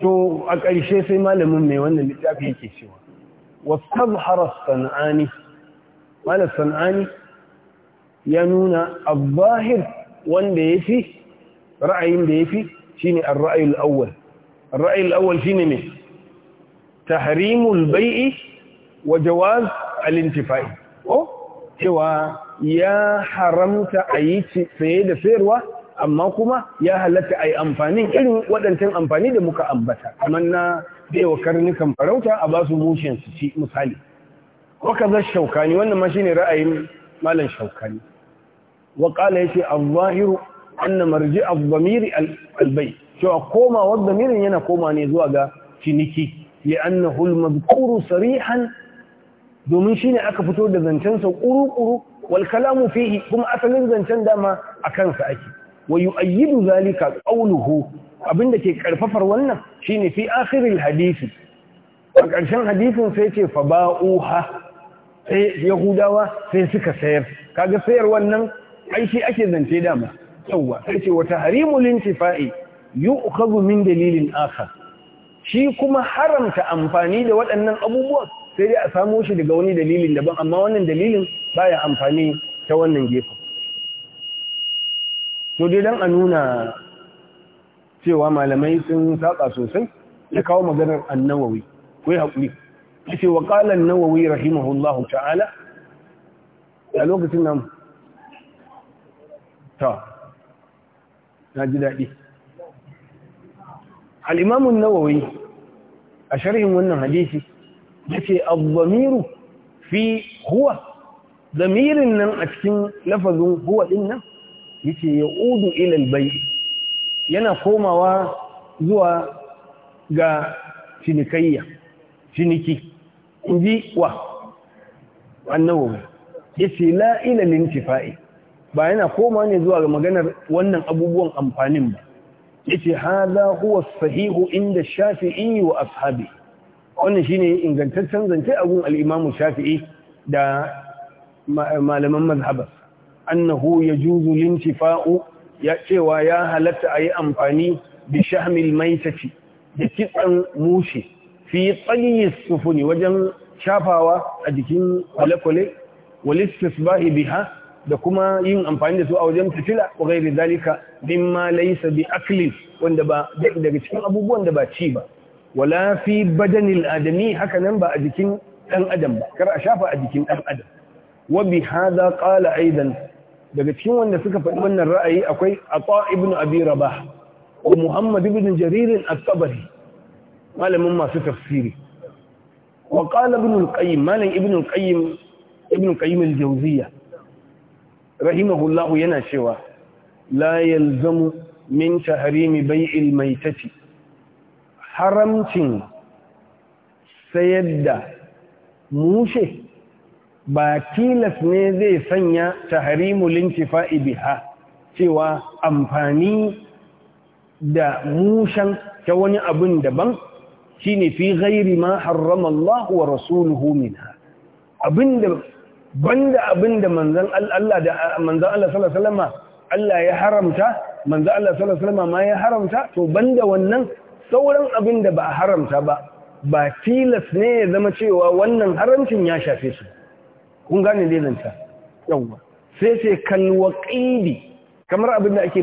A: to a ƙarshe sai malamin mai wannan littafi yake cewa wastabhara san'ani malam san'ani ya nuna abahir wanda yafi ra'ayin da yafi shine ar-ra'yul awwal ar-ra'yul awwal shine ne tahrimul bai'i wa jawaz al-intifai ko oh, cewa ya haramta ayi saye da sayarwa amma kuma ya halatta a yi amfanin irin waɗancan amfani da muka ambata kamar na baiwa karnukan farauta a basu mushen su ci misali wa shaukani wannan ma shine ra'ayin malam shaukani wa qala yace al-zahiru anna marji' al-dhamir al-bay cewa koma wa yana koma ne zuwa ga ciniki li'annahu al-madhkuru sarihan domin shine aka fito da zancen sa kuru-kuru wal kalamu fihi kuma asalin zancen dama akan sa ake wa yu'ayyidu zalika qawluhu abinda ke karfafar wannan shine fi akhiril hadisi a ƙarshen hadisin sai ce fa ba'uha sai yahudawa sai suka sayar kaga sayar wannan ai shi ake zance dama yawa sai ce wa tahrimul intifa'i yu'khadhu min dalilin akhar shi kuma haramta amfani da waɗannan abubuwan sai dai a samo shi daga wani dalilin daban amma wannan dalilin baya amfani ta wannan gefen to dai dan a nuna cewa malamai sun saba sosai ya kawo maganar annawawi ko ya haƙuri ce wa ƙalan annawawi rahimahullahu ta'ala a lokacin nan ta na ji daɗi al'imamun nawawi a sharhin wannan hadisi ya ce abdamiru fi huwa damirin nan a cikin lafazin huwa ɗin nan yace ya'udu ila al yana komawa zuwa ga cinikayya ciniki inji wa annabawi yace la ila lintifa'i ba yana koma ne zuwa ga maganar wannan abubuwan amfanin ba yace hadha huwa sahihu inda shafi'i wa ashabi wannan shine ingantaccen zance a gun al-imamu shafi'i da malaman mazhabar. annahu ya yajuzu lintifa'u ya cewa ya halatta yi amfani bi shahmil maitaci da kitsan mushi fi tsaliyis sufuni wajen shafawa a jikin kwale-kwale walistisbahi biha da kuma yin amfani da su a wajen fitila wa gairi zalika mimma laisa bi aklin wanda ba daga cikin abubuwan da ba ci ba wala fi badanil adami haka nan ba a jikin dan adam ba kar a shafa a jikin dan adam wa bi hadha qala aidan daga cikin wanda suka faɗi wannan ra'ayi akwai Atha ibn Abi Rabah wa Muhammad ibn Jarir al-Tabari malamin masu tafsiri wa qala ibn al-Qayyim malam ibn al-Qayyim ibn al-Qayyim al-Jawziyya rahimahullahu yana cewa la yalzamu min bai bai'il haramcin sayar da mushe ba tilas ne zai sanya ta tahrimul intifa'i biha cewa amfani da mushan ta wani abin daban shine fi ghairi ma harrama Allah wa rasuluhu min ha? Ban da abin da manzon Allah sallallahu alaihi wasallam Allah ya haramta manzon Allah sallallahu alaihi wasallam ma ya haramta to ban da wannan sauran abin da ba haramta ba ba tilas ne ya zama cewa wannan haramcin ya shafe su kun gane dai zanta yawwa sai kalwa qidi kamar abin da ake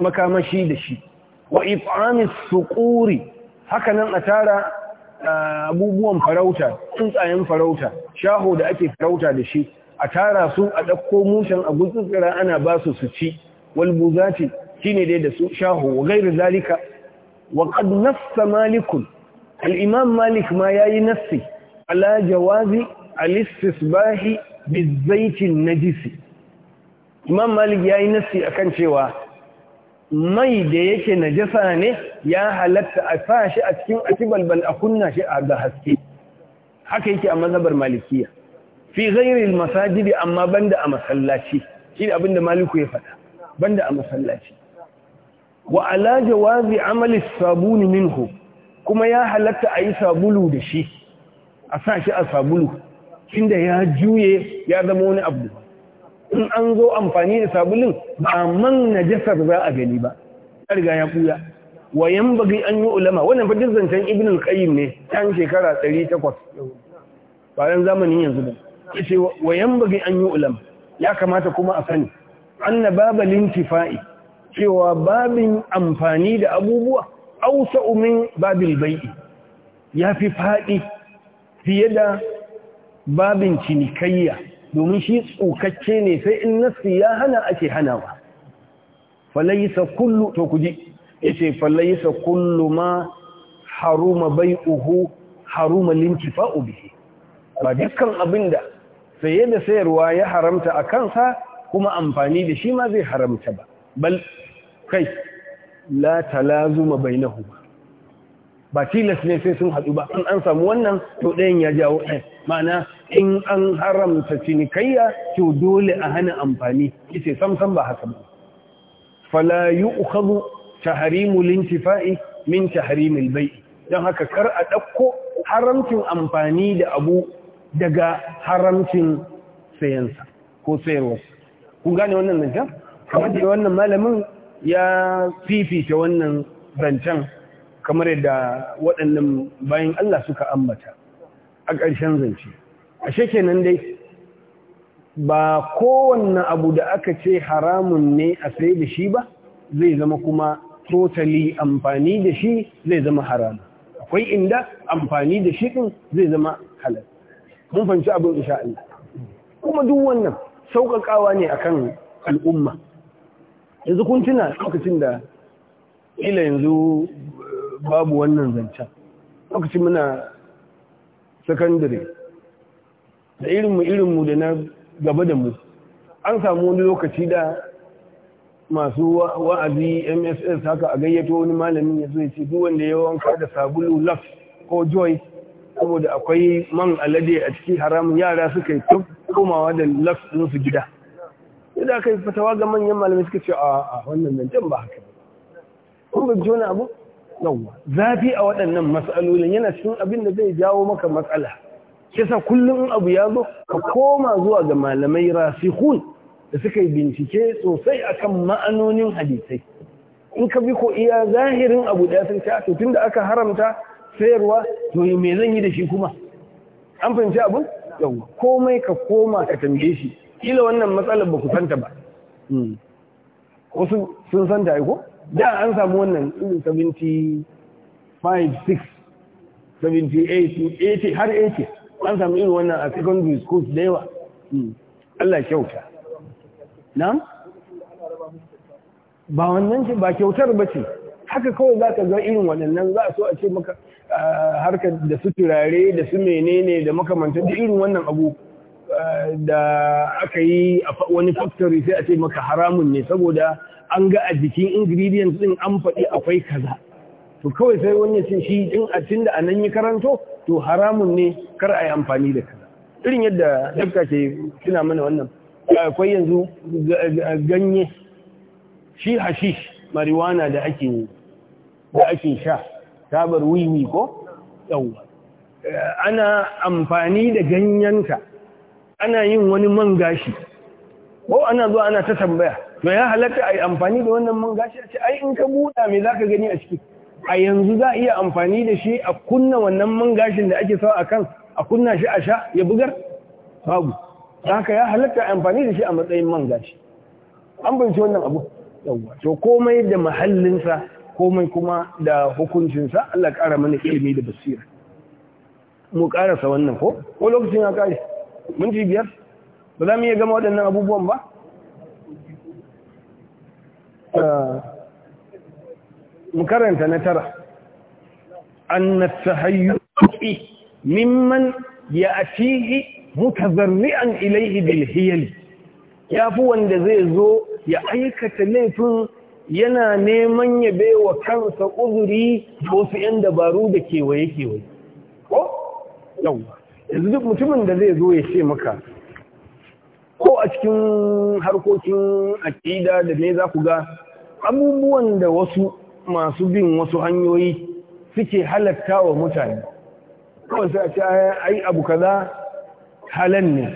A: makamashi da shi wa if'amis suquri haka nan a tara abubuwan farauta tsuntsayen farauta shaho da ake farauta da shi a tara su a ɗauko mushen a gutsutsura ana ba su su ci walbuzati shine dai da su shaho wa gairu zalika wa qad nassa malikun al-imam malik ma yayi nassi ala jawazi al-istisbahi bizaitin najisi imam malik yayi nasi akan cewa mai da yake najasa ne ya halatta a sa shi a cikin atibalbal a kunna shi a ga haske haka yake a mazhabar malikiya fi ghairi al-masajid amma banda a masallaci shi ne abinda maliku ya faɗa banda a masallaci wa ala jawazi amali sabuni minhu kuma ya halatta a yi sabulu da shi a sa shi a sabulu da ya juye ya zama wani abu in an zo amfani da sabulin ba man jasar za a gani ba ya riga ya buya wa bagi an yi ulama wannan fadin zancen ibn al ne tan shekara 800 bayan zamanin yanzu ba yace wa bagi an yi ulama ya kamata kuma a sani anna babal intifa'i cewa babin amfani da abubuwa ausa min babil bai'i ya fi faɗi fiye da babin cinikayya domin shi tsokacce ne sai in nassi ya hana ake hanawa falaisa kullu to kuji yace falaisa kullu ma haruma bai'uhu haruma lintifa'u bihi ba dukkan abinda saye da sayarwa ya haramta a kansa kuma amfani da shi ma zai haramta ba bal kai la talazuma bainahuma ba tilas ne sai sun haɗu ba in an samu wannan to ɗayan ya jawo ɗaya. ma'ana in an haramta cinikayya to dole a hana amfani ita sam ba haka ba fala yu'khadhu tahrimu lintifa'i min tahrimil bai don haka kar a ɗauko haramcin amfani da abu daga haramcin sayansa ko sayarwarsa kun gane wannan zancen kamar da wannan malamin ya fifita wannan zancen kamar yadda waɗannan bayan Allah suka ambata a ƙarshen zance ashe kenan dai ba kowanne abu da aka ce haramun ne a sai da shi ba zai zama kuma totally amfani da shi zai zama haramu, akwai inda amfani da shi ɗin zai zama halal mun fanci abin insha Allah kuma duk wannan sauƙaƙawa ne akan al'umma yanzu kun tuna lokacin da ila yanzu babu wannan zancen lokacin muna sakandare da irinmu irinmu da na gaba da mu an samu wani lokaci da masu wa'azi mss haka a gayyato wani malamin ya zai ce duk wanda ya wanka da sabulu lux ko joy saboda akwai man alade a cikin haramun yara suka yi komawa da lux su gida idan aka yi fatawa ga manyan malamai suka ce a wannan zancen ba haka ba kuma jona abu zafi a waɗannan matsalolin yana cikin abin da zai jawo maka matsala kisa kullum abu ya zo ka koma zuwa ga malamai rasihun da suka yi bincike sosai akan ma'anonin hadisai in ka bi ko iya zahirin abu da sun ta to da aka haramta sayarwa to me zan yi da shi kuma an fahimci abun yawwa komai ka koma ka tambaye shi kila wannan matsalar ba ku santa ba hmm. wasu sun santa aiko ko da an samu wannan irin 75 6 78 80 har 80 an samu irin wannan a secondary school da yawa Allah kyauta na? ba wannan ce ba kyautar ba ce haka kawai za ka zai irin waɗannan za a so a ce maka harkar da su turare da su menene da makamantar da irin wannan abu da aka yi wani factory sai a ce maka haramun ne saboda an ga a jikin ingredients din an faɗi akwai kaza to kawai sai wani ya shi in a tun da anan yi karanto to haramun ne kar a yi amfani da kaza irin yadda dabka ke tuna mana wannan akwai yanzu ganye shi hashish marijuana da ake da ake sha tabar wiwi ko yawa ana amfani da ganyenta ana yin wani man gashi ko ana zuwa ana ta tambaya to ya halatta a yi amfani da wannan man gashi a ce ai in ka buɗa me za ka gani a ciki a yanzu za a iya amfani da shi a kunna wannan man gashin da ake sawa a kan a kunna shi a sha ya bugar babu haka ya halatta a yi amfani da shi a matsayin man gashi an bance wannan abu yawwa to komai da mahallinsa komai kuma da hukuncinsa Allah ƙara mana ilimi da basira mu ƙarasa wannan ko ko lokacin ya kare mun ci biyar ba za mu iya gama waɗannan abubuwan ba Eh, Mukaranta na tara an tahayyuki mimman ya'tihi mutazarri'an ilayhi bil hiyali yafi wanda zai zo ya aikata laifin yana neman ya baiwa kansa uzuri wasu 'yan dabaru da kewaye-kewaye. Ko? Yau, yanzu duk mutumin da zai zo ya ce maka, ko a cikin harkokin aƙida da ne za ku ga abubuwan da wasu masu bin wasu hanyoyi suke halatta wa mutane kawai sai a ce ai abu kaza halan ne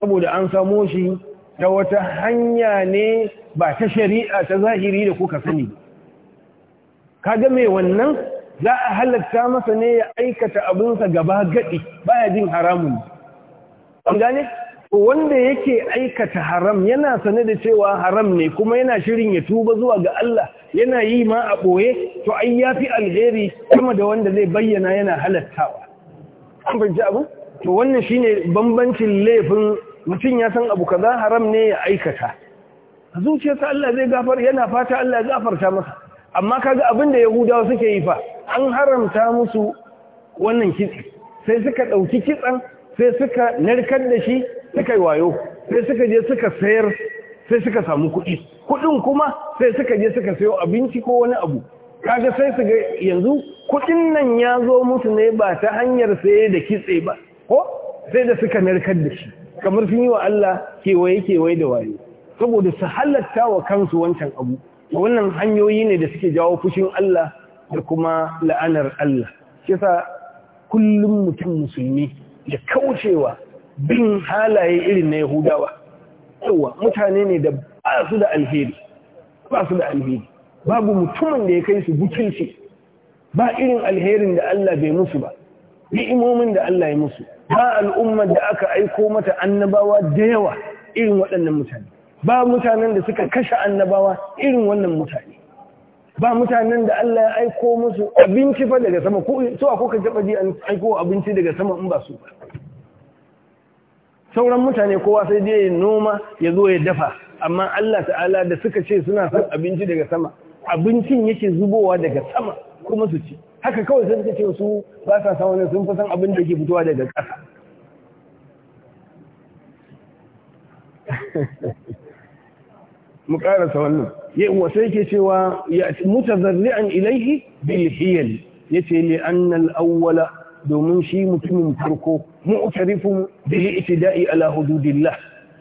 A: saboda an samo shi ta wata hanya ne ba ta shari'a ta zahiri da kuka sani Ka ga mai wannan za a halatta masa ne ya aikata abinsa gaba gadi baya jin haramun an gane wanda yake aikata haram yana sane da cewa haram ne kuma yana shirin ya tuba zuwa ga Allah yana yi ma a ɓoye to ai ya fi alheri kuma da wanda zai bayyana yana halattawa an fahimci abu to wannan shine bambancin laifin mutum ya san abu kaza haram ne ya aikata a zuciyarsa Allah zai gafar yana fata Allah ya gafarta masa amma kaga abin da yahudawa suke yi fa an haramta musu wannan kitse sai suka ɗauki kitsen sai suka narkar da shi suka yi wayo sai suka je suka sayar sai suka samu kuɗi kuɗin kuma sai suka je suka sayo abinci ko wani abu kaga sai su ga yanzu kuɗin nan ya zo musu ne ba ta hanyar saye da kitse ba ko sai da suka narkar da shi kamar sun yi wa Allah kewaye kewaye da wayo saboda su halatta wa kansu wancan abu wannan hanyoyi ne da suke jawo fushin Allah da kuma la'anar Allah shi kullum mutum musulmi ya kaucewa bin halaye irin na yahudawa Yawwa mutane ne da ba su da alheri ba su da alheri babu mutumin da ya kai su butulci ba irin alherin da Allah bai musu ba imomin da Allah ya musu ba al'ummar da aka aiko mata annabawa da yawa irin waɗannan mutane ba mutanen da suka kashe annabawa irin wannan mutane ba mutanen da Allah ya aiko musu abinci fa daga sama ko so ko ka taba ji an aiko abinci daga sama in ba su sauran mutane kowa sai dai ya noma ya zo ya dafa amma Allah ta'ala da suka ce suna son abinci daga sama abincin yake zubowa daga sama kuma su ci haka kawai sai suka ce su ba sa san wani sun fi san abin da ke fitowa daga ƙasa <laughs> mu karasa wannan ya wasa yake cewa ya mutazarri'an ilaihi bil hiyal yace li annal awwala domin shi mutumin farko mu'tarifun bil itida'i ala hududillah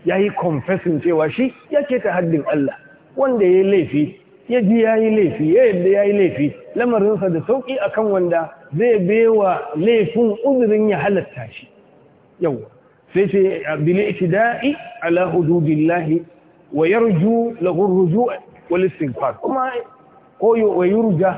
A: yayi confessing cewa shi yake ta haddin Allah wanda yayi laifi ya ji yayi laifi ya yadda yayi laifi lamarinsa da sauki akan wanda zai bewa laifin uzurin ya halatta shi yau sai ce bil itida'i ala hududillahi wa yarju lahu ruju' wal istighfar kuma ko wa yurja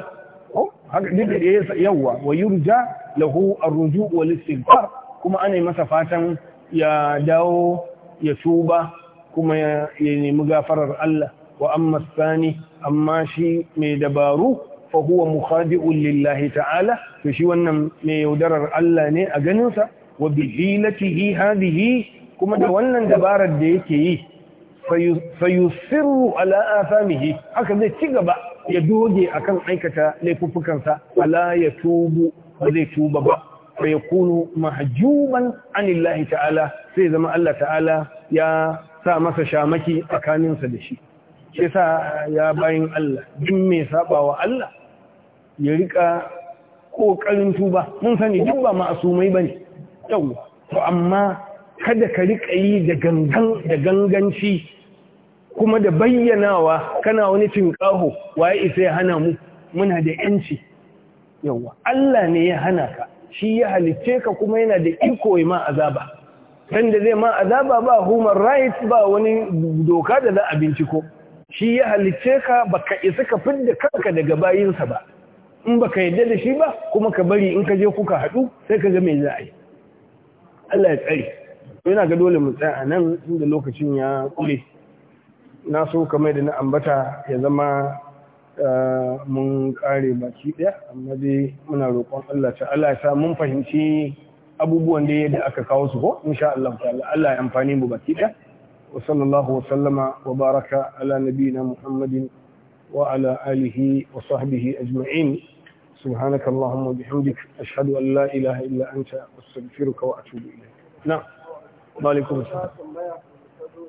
A: ko haka dinda yawa wa yurja lahu ar-ruju' wal istighfar kuma ana masa fatan ya dawo ya tuba kuma ya nemi gafarar Allah wa amma sani amma shi mai dabaru fa huwa mukhadi'un lillahi ta'ala to shi wannan mai yaudarar Allah ne a ganinsa wa bihilatihi hadhihi kuma da wannan dabarar da yake yi fayusiru ala afamihi haka zai ci gaba ya doge akan aikata laifuffukansa ala ya tubu ba zai tuba ba fa kunu mahjuban anillahi ta'ala sai zama Allah ta'ala ya sa masa shamaki tsakaninsa da shi shi sa ya bayan Allah jin mai sabawa Allah ya rika kokarin tuba mun sani duk ba ma'asumai bane yau to amma kada ka rika yi da ganganci kuma da bayyanawa kana wani tinkaho waye isa ya hana mu muna da yanci yawa Allah ne ya hana ka shi ya halicce ka kuma yana da iko ma azaba dan da zai ma azaba ba human right ba wani doka da za a binciko shi ya halicce ka baka isa ka fidda kanka daga bayinsa ba in baka yadda da shi ba kuma ka bari in ka je kuka haɗu sai ka ga me za a yi Allah ya tsare yana ga dole mu tsaya nan inda lokacin ya kure na so kamar da na ambata ya zama eh, mun kare baki ɗaya amma dai muna roƙon Allah ta'ala ya sa mun fahimci abubuwan da yadda aka kawo su ko insha Allah ta'ala Allah ya amfani mu baki ɗaya wa sallallahu wa sallama wa baraka ala nabiyina Muhammadin wa ala alihi wa sahbihi ajma'in سبحانك اللهم وبحمدك أشهد أن لا إله إلا أنت أستغفرك وأتوب إليك نعم وعليكم السلام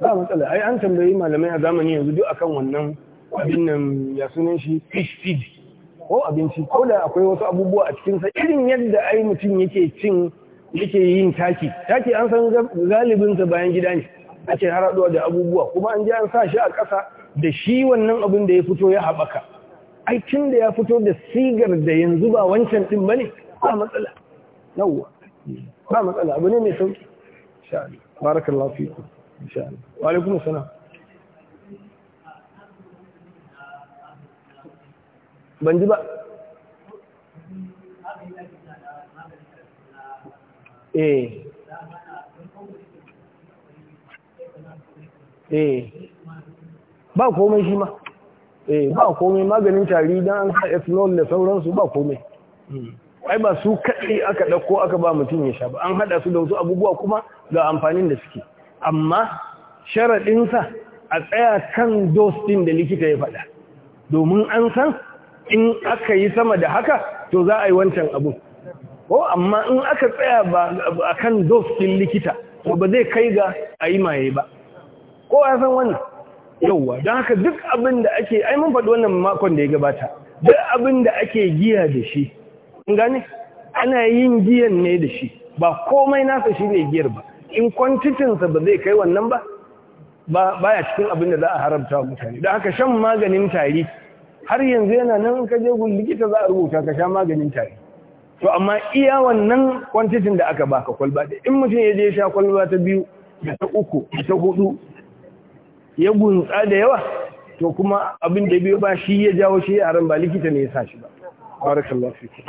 A: ba matsala ai an tambayi malamai a zamani yanzu duk akan wannan abin nan ya sunan shi fish feed ko abinci ko da akwai wasu abubuwa a cikinsa irin yadda ai mutum yake cin yake yin taki taki an san galibinsa bayan gida ne ake haraduwa da abubuwa kuma an ji an sa shi a ƙasa da shi wannan abin da ya fito ya haɓaka tun da ya fito da sigar da yanzu ba wancan ɗin ba ba matsala yawwa ba matsala abu ne mai sauki sha'ani barakallahu fiikum insha ba eh. Eh. ba komai shi ma eh ba komai maganin tari dan an sa ethanol da sauransu ba komai ai ba su kaɗai aka ɗauko aka ba mutum ya sha ba an haɗa su da wasu abubuwa kuma ga amfanin da suke amma sharaɗinsa a tsaya kan dostin da likita ya faɗa domin an san in aka yi sama da haka to za a yi wancan abu ko amma in aka tsaya ba a kan dostin likita to ba zai kai ga a yi maye ba ko ya san wannan yauwa don haka duk abin da ake ai mun faɗi wannan makon da ya gabata duk abin da ake giya da shi gane ana yin giyan ne da shi ba komai nasa shi ne giyar ba in kwantitinsa ba zai kai wannan ba Ba ya cikin abin da za a haramta mutane da haka shan maganin tari har yanzu yana nan ka je gun likita za a rubuta ka sha maganin tari to amma iya wannan kwantitin da aka baka kwalba da in mutum ya je sha kwalba ta biyu da ta uku da ta hudu ya gunsa da yawa to kuma abin da biyu ba shi ya jawo shi haram ba likita ne ya sa shi ba barakallahu fiki